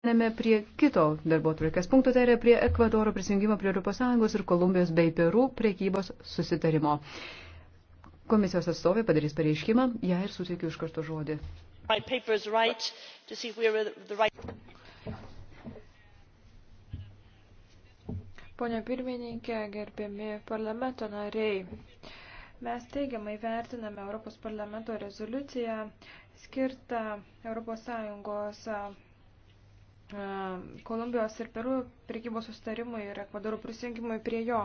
Perėmėme prie kito darbo tvarkės punkto, tai yra prie Ekvadoro prisijungimo prie ES ir Kolumbijos bei Perų priekybos susitarimo. Komisijos atstovė padarys pareiškimą, ją ir suteikiu iš karto žodį. Pone pirmininkė, gerbiami parlamento nariai, mes teigiamai vertiname Europos parlamento rezoliuciją skirtą ES E, Kolumbijos ir Peru prekybos sustarimui ir Ekvadoro prisijungimui prie jo.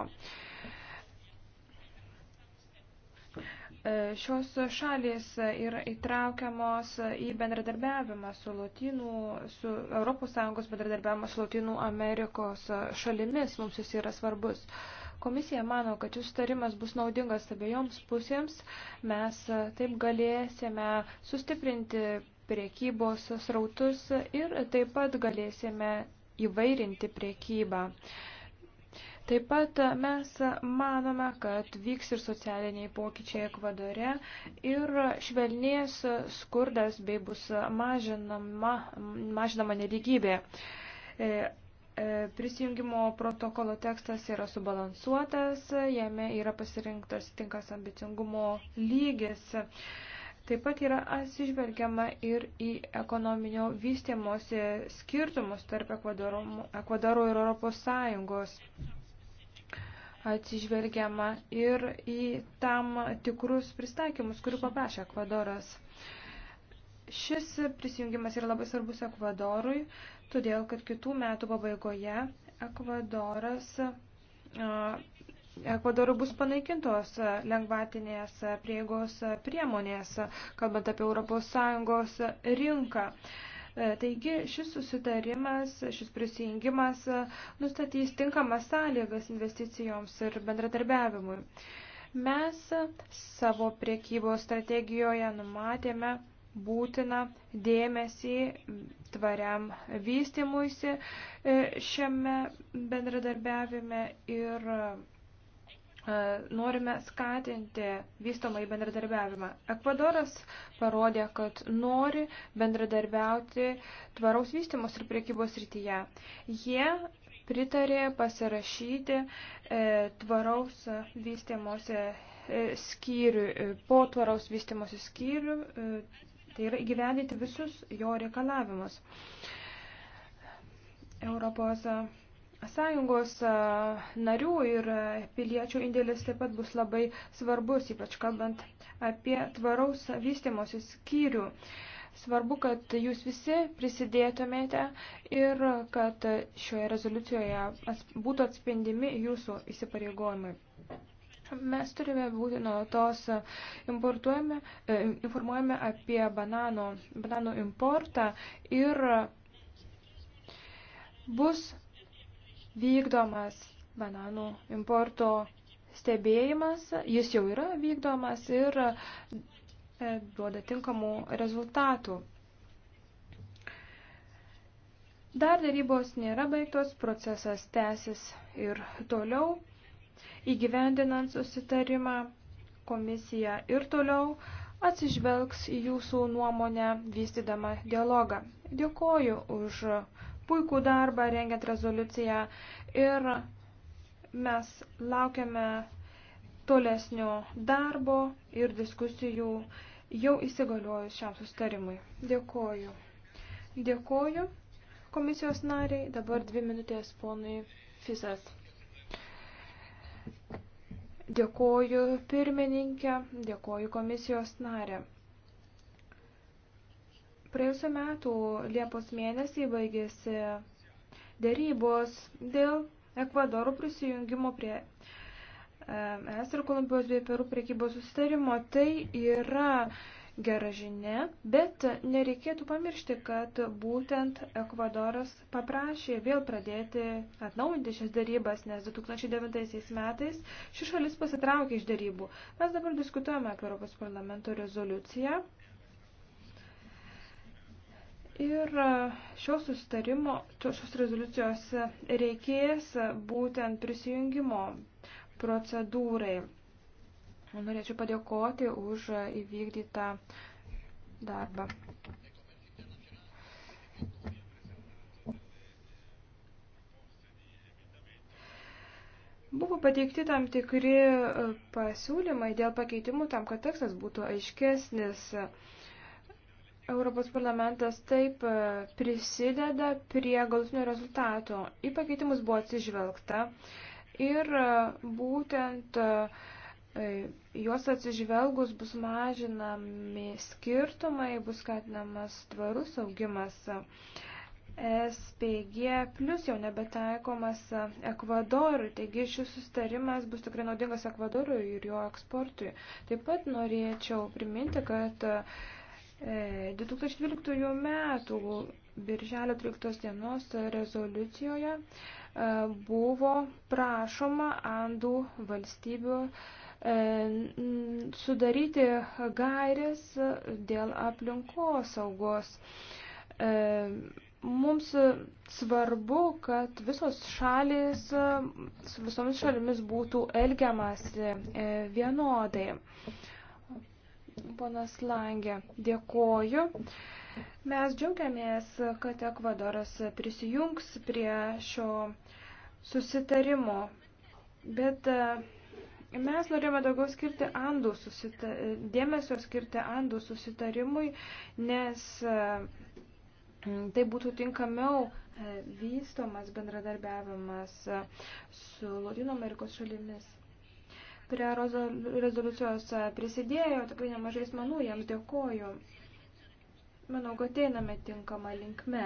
E, šios šalys yra įtraukiamos į bendradarbiavimą su Latinų, su ES bendradarbiavimą su Latinų Amerikos šalimis, mums jis yra svarbus. Komisija mano, kad šis sutarimas bus naudingas abiejoms pusėms, mes taip galėsime sustiprinti priekybos srautus ir taip pat galėsime įvairinti priekybą. Taip pat mes manome, kad vyks ir socialiniai pokyčiai Ekvadore ir švelnės skurdas bei bus mažinama, mažinama neligybė. E, e, prisijungimo protokolo tekstas yra subalansuotas, jame yra pasirinktas tinkas ambicingumo lygis. Taip pat yra atsižvelgiama ir į ekonominio vystimosi skirtumus tarp Ekvadoro, Ekvadoro ir Europos Sąjungos. Atsižvelgiama ir į tam tikrus pristaikymus, kurių paprašė Ekvadoras. Šis prisijungimas yra labai svarbus Ekvadorui, todėl kad kitų metų pabaigoje Ekvadoras Ekvadoru bus panaikintos lengvatinės prieigos priemonės, kalbant apie ES rinką. Taigi šis susitarimas, šis prisijungimas nustatys tinkamas sąlygas investicijoms ir bendradarbiavimui. Mes savo priekybos strategijoje numatėme būtiną dėmesį tvariam vystimuisi šiame bendradarbiavime ir E, norime skatinti vystomą į bendradarbiavimą. Ekvadoras parodė, kad nori bendradarbiauti tvaraus vystimos ir priekybos rytyje. Jie pritarė pasirašyti e, tvaraus vystimosi e, e, skyrių, e, po tvaraus vystimosi skyrių, e, tai yra įgyvendinti visus jo reikalavimus. Europos e, Sąjungos narių ir piliečių indėlis taip pat bus labai svarbus, ypač kalbant apie tvaraus vystimosi skyrių. Svarbu, kad jūs visi prisidėtumėte ir kad šioje rezoliucijoje būtų atspindimi jūsų įsipareigojimai. Mes turime būti nuolatos importuojame, e, informuojame apie banano, banano importą ir bus vykdomas bananų importo stebėjimas, jis jau yra vykdomas ir e, duoda tinkamų rezultatų. Dar darybos nėra baigtos, procesas tęsis ir toliau. Įgyvendinant susitarimą, komisija ir toliau atsižvelgs į jūsų nuomonę vystydama dialogą. Dėkoju už puikų darbą rengiant rezoliuciją ir mes laukiame tolesnio darbo ir diskusijų jau įsigaliojus šiam sustarimui. Dėkoju. Dėkoju komisijos nariai. Dabar dvi minutės ponui Fisas. Dėkoju pirmininkė, dėkoju komisijos narė. Praėjusiu metu Liepos mėnesį baigėsi dėrybos dėl Ekvadoro prisijungimo prie ES ir Kolumbijos bei Perų priekybos susitarimo. Tai yra gera žinia, bet nereikėtų pamiršti, kad būtent Ekvadoras paprašė vėl pradėti atnaujinti šias darybas, nes 2009 metais ši šalis pasitraukė iš darybų. Mes dabar diskutuojame apie Europos parlamento rezoliuciją Ir e, šios sustarimo, šios rezoliucijos reikės būtent prisijungimo procedūrai. Norėčiau padėkoti už įvykdytą darbą. Buvo pateikti tam tikri e, pasiūlymai dėl pakeitimų tam, kad tekstas būtų aiškesnis. Europos parlamentas taip e, prisideda prie galutinio rezultato. Į pakeitimus buvo atsižvelgta ir e, būtent e, juos atsižvelgus bus mažinami skirtumai, bus skatinamas tvarus augimas. SPG plus jau nebetaikomas Ekvadorui, taigi šis sustarimas bus tikrai naudingas Ekvadorui ir jo eksportui. Taip pat norėčiau priminti, kad uh, 2012 e, metų birželio 13 dienos rezoliucijoje e, buvo prašoma Andų valstybių e, sudaryti gairės dėl aplinkos saugos. Mums svarbu, kad visos šalis, su visomis šalimis būtų elgiamasi vienodai. Ponas Langė, dėkoju. Mes džiaugiamės, kad Ekvadoras prisijungs prie šio susitarimo, bet e, mes norėjome daugiau skirti andų susita... dėmesio skirti andų susitarimui, nes e, tai būtų tinkamiau e, vystomas bendradarbiavimas su Latino Amerikos šalimis prie rezoliucijos prisidėjo, tikrai nemažai asmenų, jiems dėkoju. Manau, kad einame tinkamą linkme.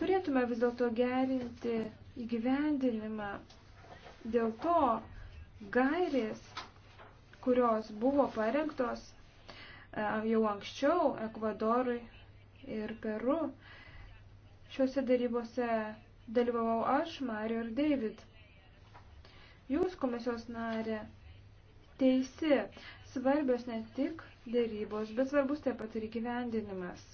Turėtume vis dėlto gerinti įgyvendinimą. Dėl to gairės, kurios buvo parengtos e, jau anksčiau Ekvadorui ir Peru, šiuose darybose dalyvavau aš, Mario ir David. Jūs, komisijos narė, teisi, svarbios ne tik dėrybos, bet svarbus taip pat ir įgyvendinimas.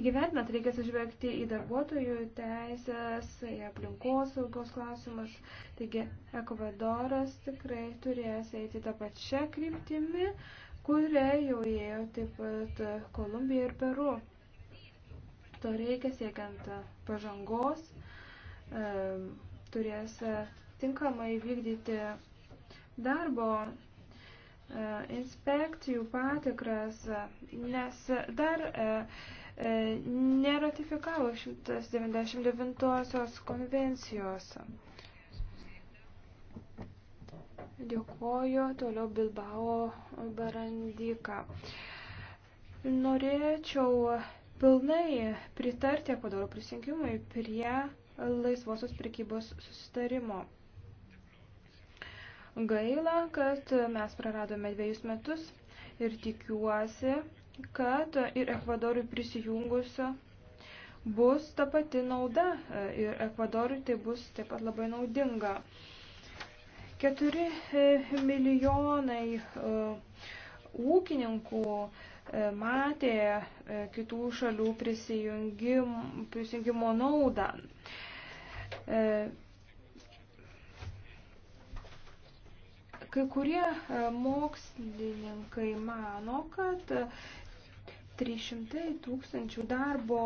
Įgyvendinant reikia sužvelgti į darbuotojų teisės, į aplinkos saugos klausimus. Taigi, Ekvadoras tikrai turės eiti tą pačią kryptimį, kurią jau ėjo taip pat Kolumbija ir Peru. To reikia siekiant pažangos, e, turės tinkamai vykdyti darbo e, inspekcijų patikras, nes dar e, neratifikavo 199 konvencijos. Dėkuoju, toliau Bilbao Barandika. Norėčiau pilnai pritarti Ekvadoro prisijungimui prie laisvosios prekybos susitarimo. Gaila, kad mes praradome dviejus metus ir tikiuosi, kad ir Ekvadorui prisijungus bus ta pati nauda ir Ekvadorui tai bus taip pat labai naudinga. 4 milijonai e, ūkininkų uh, E, matė e, kitų šalių prisijungimo naudą. E, kai kurie mokslininkai mano, kad 300 tūkstančių darbo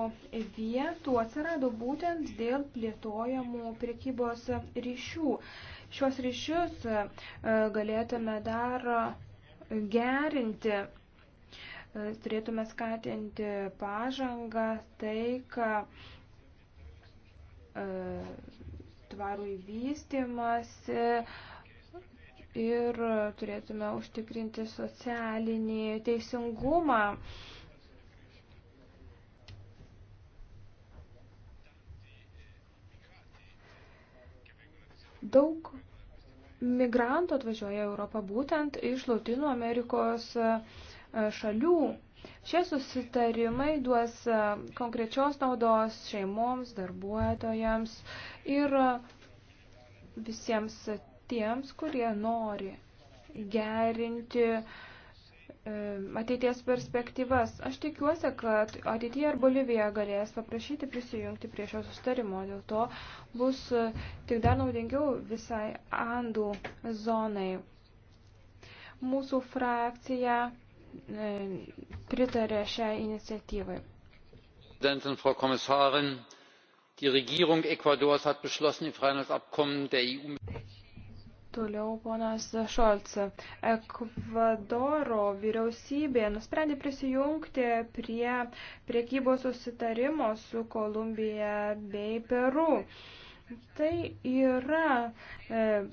vietų atsirado būtent dėl plėtojamų prekybos ryšių. Šios ryšius galėtume dar gerinti turėtume skatinti pažangą, taiką, e, tvarų įvystymasi ir turėtume užtikrinti socialinį teisingumą. Daug migrantų atvažiuoja Europą būtent iš Latino Amerikos uh, šalių. Šie susitarimai duos e, konkrečios naudos šeimoms, darbuotojams ir e, visiems tiems, kurie nori gerinti e, ateities perspektyvas. Aš tikiuosi, kad ateityje ir Bolivija galės paprašyti prisijungti prie šio sustarimo. Dėl to bus tik dar naudingiau visai Andų zonai. Mūsų frakcija E, pritarė šiai iniciatyvai. Präsidentin, Frau Kommissarin, die Regierung Ecuadors hat beschlossen, die Freihandelsabkommen der EU. Toliau ponas Šolc. Ekvadoro vyriausybė nusprendė prisijungti prie priekybos susitarimo su Kolumbija bei Peru. Tai yra e,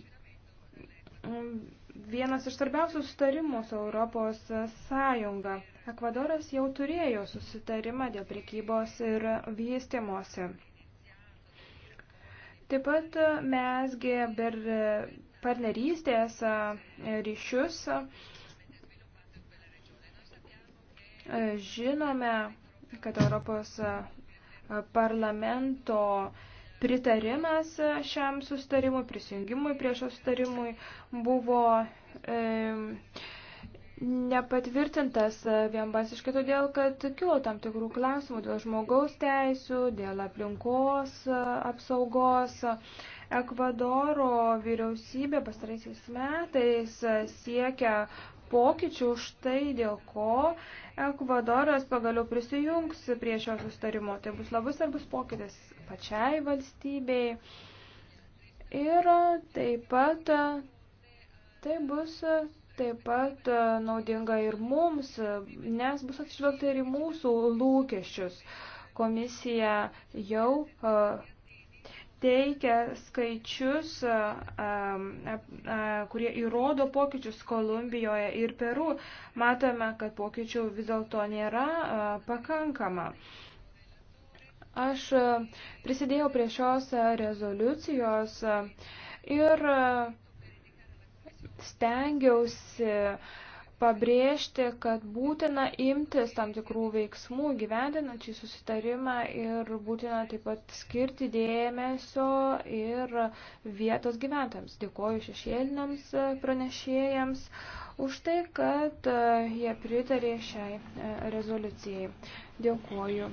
m, vienas iš svarbiausių sustarimų su Europos Sąjunga. Ekvadoras jau turėjo susitarimą dėl prekybos ir vystimosi. Taip pat mesgi per partnerystės ryšius žinome, kad Europos parlamento uh, pritarimas šiam sustarimui, prisijungimui prie šio sustarimui buvo e, nepatvirtintas vienbasiškai todėl, kad kilo tam tikrų klausimų dėl žmogaus teisų, dėl aplinkos apsaugos. Ekvadoro vyriausybė pastaraisiais metais siekia pokyčių už tai, dėl ko Ekvadoras pagaliau prisijungs prie šio sustarimo. Tai bus labai svarbus pokytis pačiai valstybei. Ir taip pat tai bus taip pat naudinga ir mums, nes bus atsižvelgta ir į mūsų lūkesčius. Komisija jau teikia skaičius, kurie įrodo pokyčius Kolumbijoje ir Peru, matome, kad pokyčių vis dėlto nėra pakankama. Aš prisidėjau prie šios rezoliucijos ir stengiausi uh, pabrėžti, kad būtina imtis tam tikrų veiksmų gyvendinant šį susitarimą ir būtina taip pat skirti dėmesio ir vietos gyventams. Dėkoju šešėliniams pranešėjams už tai, kad e, jie pritarė šiai e, rezoliucijai. Dėkoju.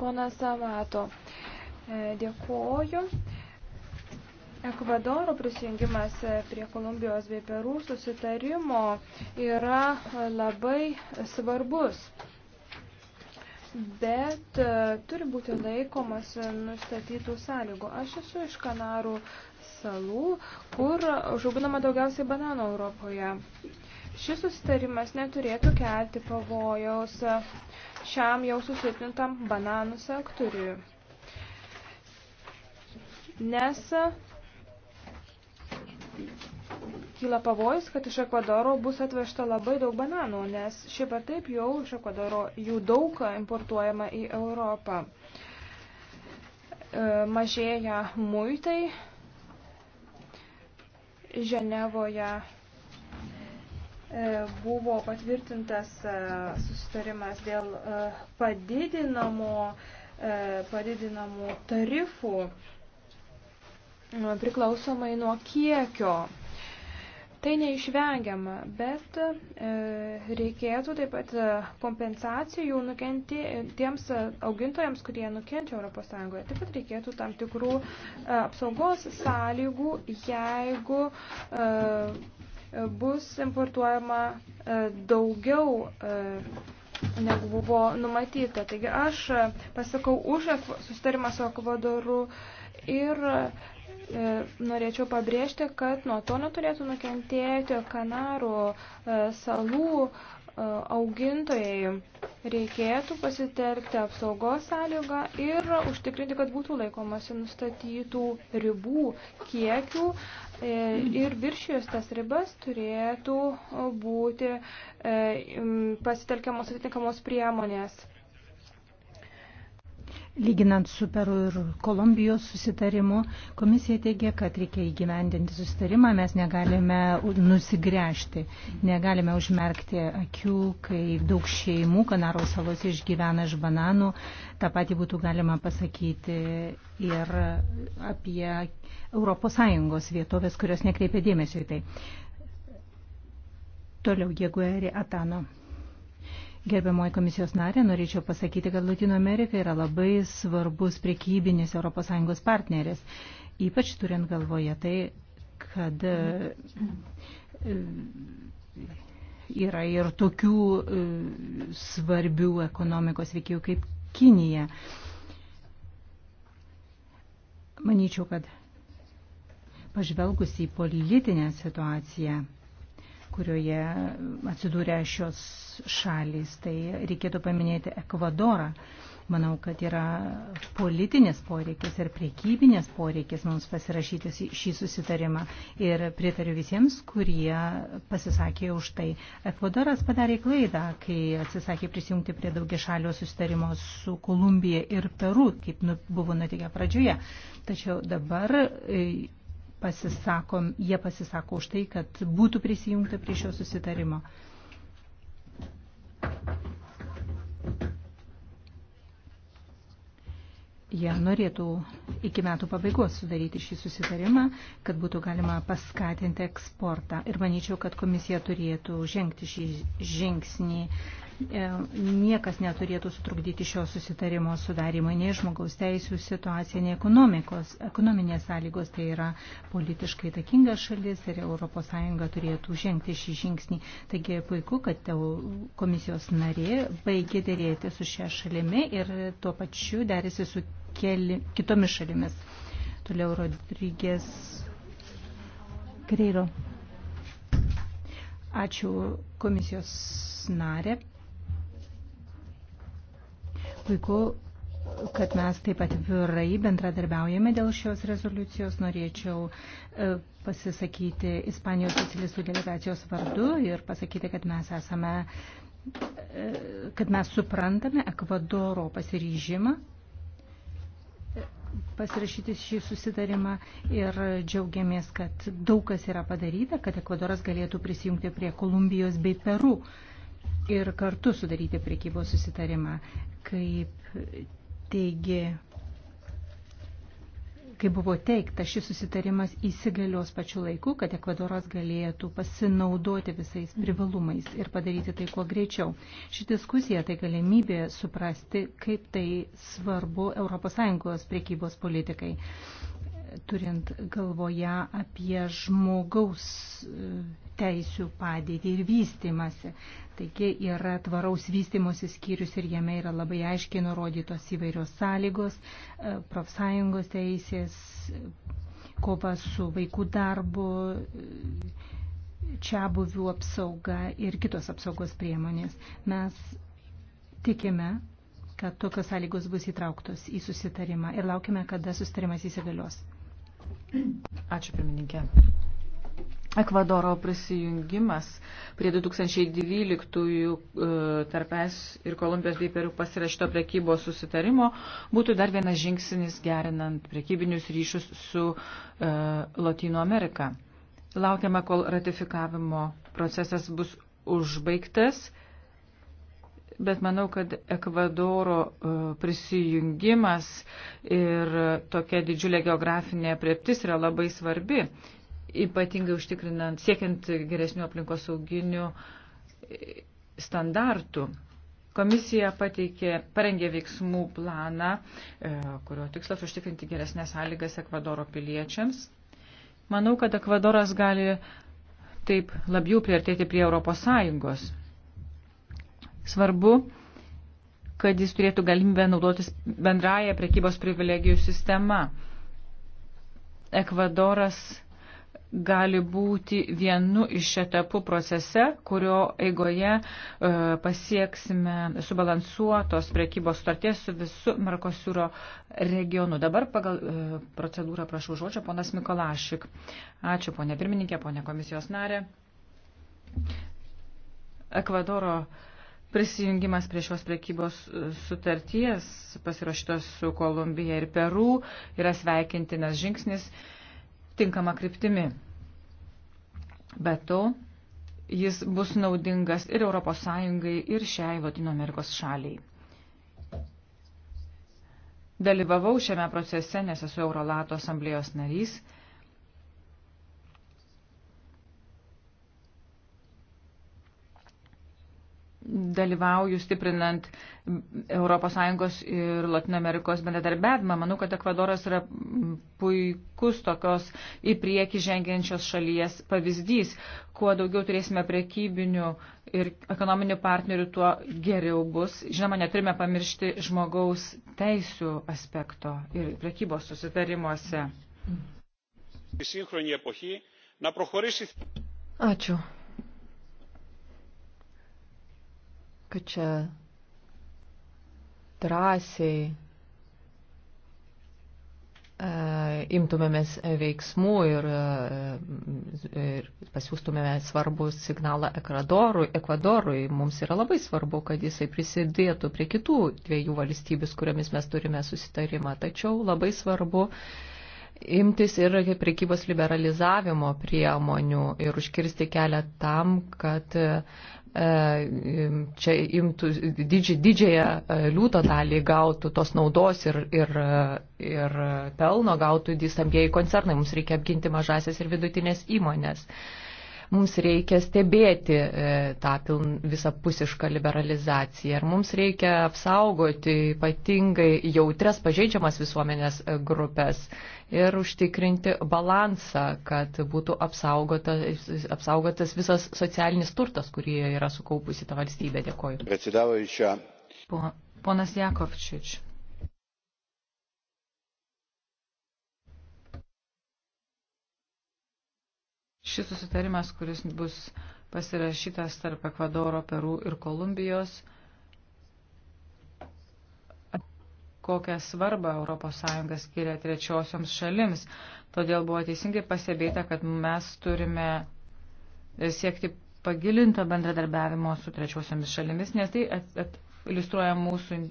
Pona Savato, e, dėkoju. Ekvadoro prisijungimas prie Kolumbijos bei Perų susitarimo yra labai svarbus bet e, turi būti laikomas nustatytų sąlygų. Aš esu iš Kanarų salų, kur žauginama daugiausiai bananų Europoje. Šis susitarimas neturėtų kelti pavojaus šiam jau susilpnintam bananų sektoriui, nes kyla pavojus, kad iš Ekvadoro bus atvežta labai daug bananų, nes šiaip ar taip jau iš Ekvadoro jų daug importuojama į Europą. E, mažėja muitai, Ženevoje e, buvo patvirtintas e, susitarimas dėl padidinamo, padidinamų tarifų priklausomai nuo kiekio. Tai neišvengiama, bet e, reikėtų taip pat e, kompensacijų nukenti e, tiems augintojams, kurie nukenčia ES. Taip pat reikėtų tam tikrų apsaugos sąlygų, jeigu bus importuojama daugiau negu buvo numatyta. Taigi aš pasakau už susitarimą su Ekvadoru ir uh, E, norėčiau pabrėžti, kad nuo to neturėtų nukentėti Kanarų e, salų e, augintojai. Reikėtų pasitelkti apsaugos sąlygą ir užtikrinti, kad būtų laikomasi nustatytų ribų kiekių ir viršijus tas ribas turėtų būti pasitelkiamos atitinkamos priemonės. Lyginant su Peru ir Kolumbijos susitarimu, komisija teigia, kad reikia įgyvendinti susitarimą, mes negalime nusigręžti, negalime užmerkti akių, kai daug šeimų Kanaro salos išgyvena iš bananų. Ta pati būtų galima pasakyti ir apie ES vietovės, kurios nekreipia dėmesio į tai. Toliau, jeigu Eri Atano. Gerbiamoji komisijos narė, norėčiau pasakyti, kad Latino Amerika yra labai svarbus prekybinis ES partneris, ypač turint galvoje tai, kad e, yra ir tokių e, svarbių ekonomikos veikėjų kaip Kinija. Manyčiau, kad pažvelgus į politinę situaciją, kurioje atsidūrė šios šalys. Tai reikėtų paminėti Ekvadorą. Manau, kad yra politinis poreikis ir priekybinės poreikis mums pasirašyti šį susitarimą. Ir pritariu visiems, kurie pasisakė už tai. Ekvadoras padarė klaidą, kai atsisakė prisijungti prie daugiašalio susitarimo su Kolumbija ir Peru, kaip nu- buvo nutikę pradžioje. Tačiau dabar e, pasisakom, jie pasisako už tai, kad būtų prisijungta prie šio susitarimo. Jie ja, norėtų iki metų pabaigos sudaryti šį susitarimą, kad būtų galima paskatinti eksportą. Ir manyčiau, kad komisija turėtų žengti šį žingsnį E, niekas neturėtų sutrukdyti šio susitarimo sudarimą, nei žmogaus teisų situacija, nei ekonominės sąlygos, tai yra politiškai takinga šalis ir ES turėtų žengti šį žingsnį. Taigi puiku, kad komisijos narė baigė dėrėti su šia šalimi ir tuo pačiu derėsi su keli, kitomis šalimis. Toliau Rodrygės Kreiro. Ačiū komisijos narė. Puiku, kad mes taip atvirai bendradarbiaujame dėl šios rezoliucijos. Norėčiau e, pasisakyti Ispanijos socialistų delegacijos vardu ir pasakyti, kad mes esame e, kad mes suprantame Ekvadoro pasiryžimą e, pasirašyti šį susitarimą ir džiaugiamės, kad daug kas yra padaryta, kad Ekvadoras galėtų prisijungti prie Kolumbijos bei Peru. Uh, ir kartu sudaryti priekybos susitarimą, kaip teigi, kaip buvo teikta, šis susitarimas įsigalios pačiu laiku, kad Ekvadoras galėtų pasinaudoti visais privalumais ir padaryti tai kuo greičiau. Ši diskusija tai galimybė suprasti, kaip tai svarbu ES priekybos politikai turint galvoje apie žmogaus e, teisių padėtį ir vystimasi. Taigi yra tvaraus vystimosi skyrius ir jame yra labai aiškiai nurodytos įvairios sąlygos, e, profsąjungos teisės, kova su vaikų darbu, e, čia buvių apsauga ir kitos apsaugos priemonės. Mes tikime, kad tokios sąlygos bus įtrauktos į susitarimą ir laukime, kada susitarimas įsigalios. Ačiū pirmininkė. Ekvadoro prisijungimas prie 2012 e, tarp es ir Kolumbijos bei Perų pasirašyto prekybos susitarimo būtų dar vienas žingsnis gerinant prekybinius ryšius su e, Latino Amerika. Laukiama, kol ratifikavimo procesas bus užbaigtas Bet manau, kad Ekvadoro e, prisijungimas ir tokia didžiulė geografinė prieptis yra labai svarbi, ypatingai užtikrinant, siekiant geresnių aplinkos sauginių e, standartų. Komisija pateikė, parengė veiksmų planą, e, kurio tikslas užtikrinti geresnės sąlygas Ekvadoro piliečiams. Manau, kad Ekvadoras gali taip labiau priartėti prie Europos Sąjungos. Svarbu, kad jis turėtų galimybę naudotis bendraja prekybos privilegijų sistema. Ekvadoras gali būti vienu iš etapų procese, kurio eigoje e, pasieksime subalansuotos prekybos starties su visu Merkosiūro regionu. Dabar pagal e, procedūrą prašau žodžio ponas Mikolašik. Ačiū ponė pirmininkė, ponė komisijos narė. Ekvadoro e, prisijungimas prie šios prekybos e, sutarties pasirašytos su Kolumbija ir Peru yra sveikintinas žingsnis tinkama kryptimi. Be to, jis bus naudingas ir ES, ir šiai Latino Amerikos šaliai. Dalyvavau šiame procese, nes esu Eurolato asamblėjos narys dalyvauju stiprinant ES ir Latino Amerikos bendradarbiavimą. Manau, kad Ekvadoras yra puikus tokios į priekį žengiančios šalies pavyzdys. Kuo daugiau turėsime prekybinių ir ekonominių partnerių, tuo geriau bus. Žinoma, neturime pamiršti žmogaus teisų aspekto ir prekybos susitarimuose. Ačiū. kad čia drąsiai e, imtumėmės veiksmų ir, e, ir pasiūstumėme svarbų signalą Ekvadorui, Ekvadorui. Mums yra labai svarbu, kad jisai prisidėtų prie kitų dviejų valstybės, kuriomis mes turime susitarimą. Tačiau labai svarbu imtis ir prekybos liberalizavimo priemonių ir užkirsti kelią tam, kad E, čia imtų didži, didžiąją e, liūto dalį gautų tos naudos ir, ir, e, ir pelno gautų distambėjai koncernai. Mums reikia apginti mažasias ir vidutinės įmonės. Uh, mums reikia stebėti e, tą piln, visapusišką liberalizaciją ir mums reikia apsaugoti ypatingai jautres pažeidžiamas visuomenės e, grupės ir užtikrinti balansą, kad būtų apsaugotas, apsaugotas visas socialinis turtas, kurį yra sukaupusi ta valstybė. Dėkoju. Ponas Jakovčič. Šis susitarimas, kuris bus pasirašytas tarp Ekvadoro, Peru ir Kolumbijos, kokią svarbą ES skiria trečiosioms šalims. Todėl buvo teisingai pastebėta, kad mes turime siekti pagilinto bendradarbiavimo su trečiosiomis šalimis, nes tai at, at, iliustruoja mūsų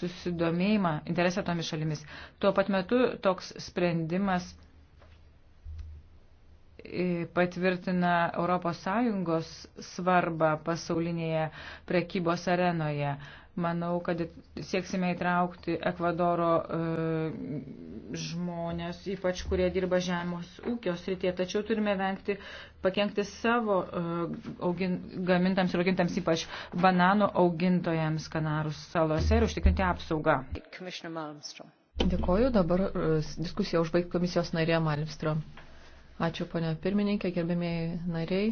susidomėjimą, interesą tomis šalimis. Tuo pat metu toks sprendimas patvirtina ES svarbą pasaulinėje prekybos arenoje. Manau, kad sieksime įtraukti Ekvadoro e, žmonės, ypač kurie dirba žemos ūkio srityje, tačiau turime vengti pakengti savo e, augin, gamintams ir augintams, ypač bananų augintojams Kanarų salose ir užtikrinti apsaugą. Dėkoju, dabar e, diskusija užbaigti komisijos narė Malmström. Ačiū, ponia pirmininkė, gerbėmiai nariai,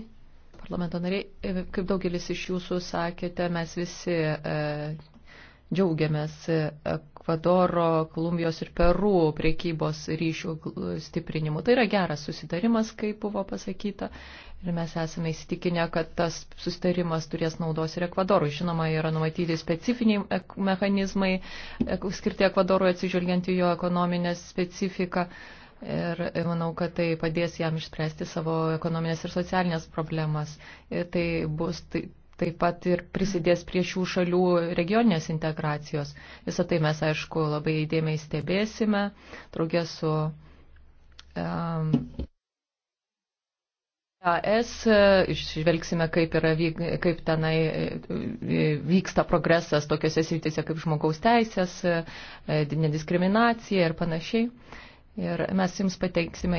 parlamento nariai. E, kaip daugelis iš jūsų sakėte, mes visi e, džiaugiamės Ekvadoro, Kolumbijos ir Peru priekybos ryšių stiprinimu. Tai yra geras susitarimas, kaip buvo pasakyta. Ir mes esame įsitikinę, kad tas susitarimas turės naudos ir Ekvadorui. Žinoma, yra numatyti specifiniai mechanizmai skirti Ekvadorui atsižvelgiant į jo ekonominę specifiką. Ir manau, kad tai padės jam išspręsti savo ekonominės ir socialinės problemas. Ir tai bus tai, taip pat ir prisidės prie šių šalių regioninės integracijos. Visą tai mes, aišku, labai įdėmiai stebėsime, draugė su um, ES, išvelgsime, kaip, yra, kaip tenai e, vyksta progresas tokiuose srityse kaip žmogaus teisės, e, nediskriminacija ir panašiai. Uh, Ir mes jums pateiksime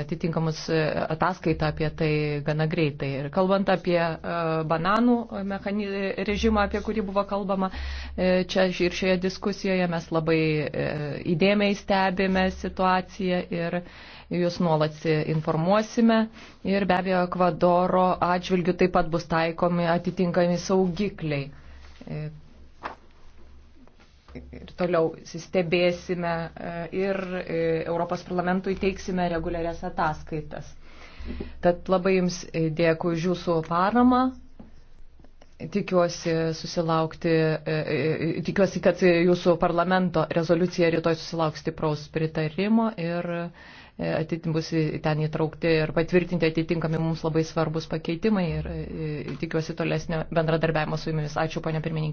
atitinkamus e, ataskaitą apie tai gana greitai. Ir kalbant apie e, bananų režimą, apie kurį buvo kalbama e, čia ir šioje diskusijoje, mes labai įdėmiai stebime situaciją ir jūs nuolat informuosime. Ir be abejo, Ekvadoro atžvilgių taip pat bus taikomi atitinkami saugikliai ir toliau stebėsime e, ir e, Europos parlamentui teiksime reguliarias ataskaitas. Tad labai Jums e, dėkui už Jūsų paramą. Tikiuosi, susilaukti, tikiuosi, kad Jūsų parlamento rezoliucija rytoj susilauks stipraus pritarimo ir bus ten įtraukti ir patvirtinti atitinkami mums labai svarbus pakeitimai ir tikiuosi tolesnio bendradarbiavimo su Jumis. Ačiū, ponia pirmininkė.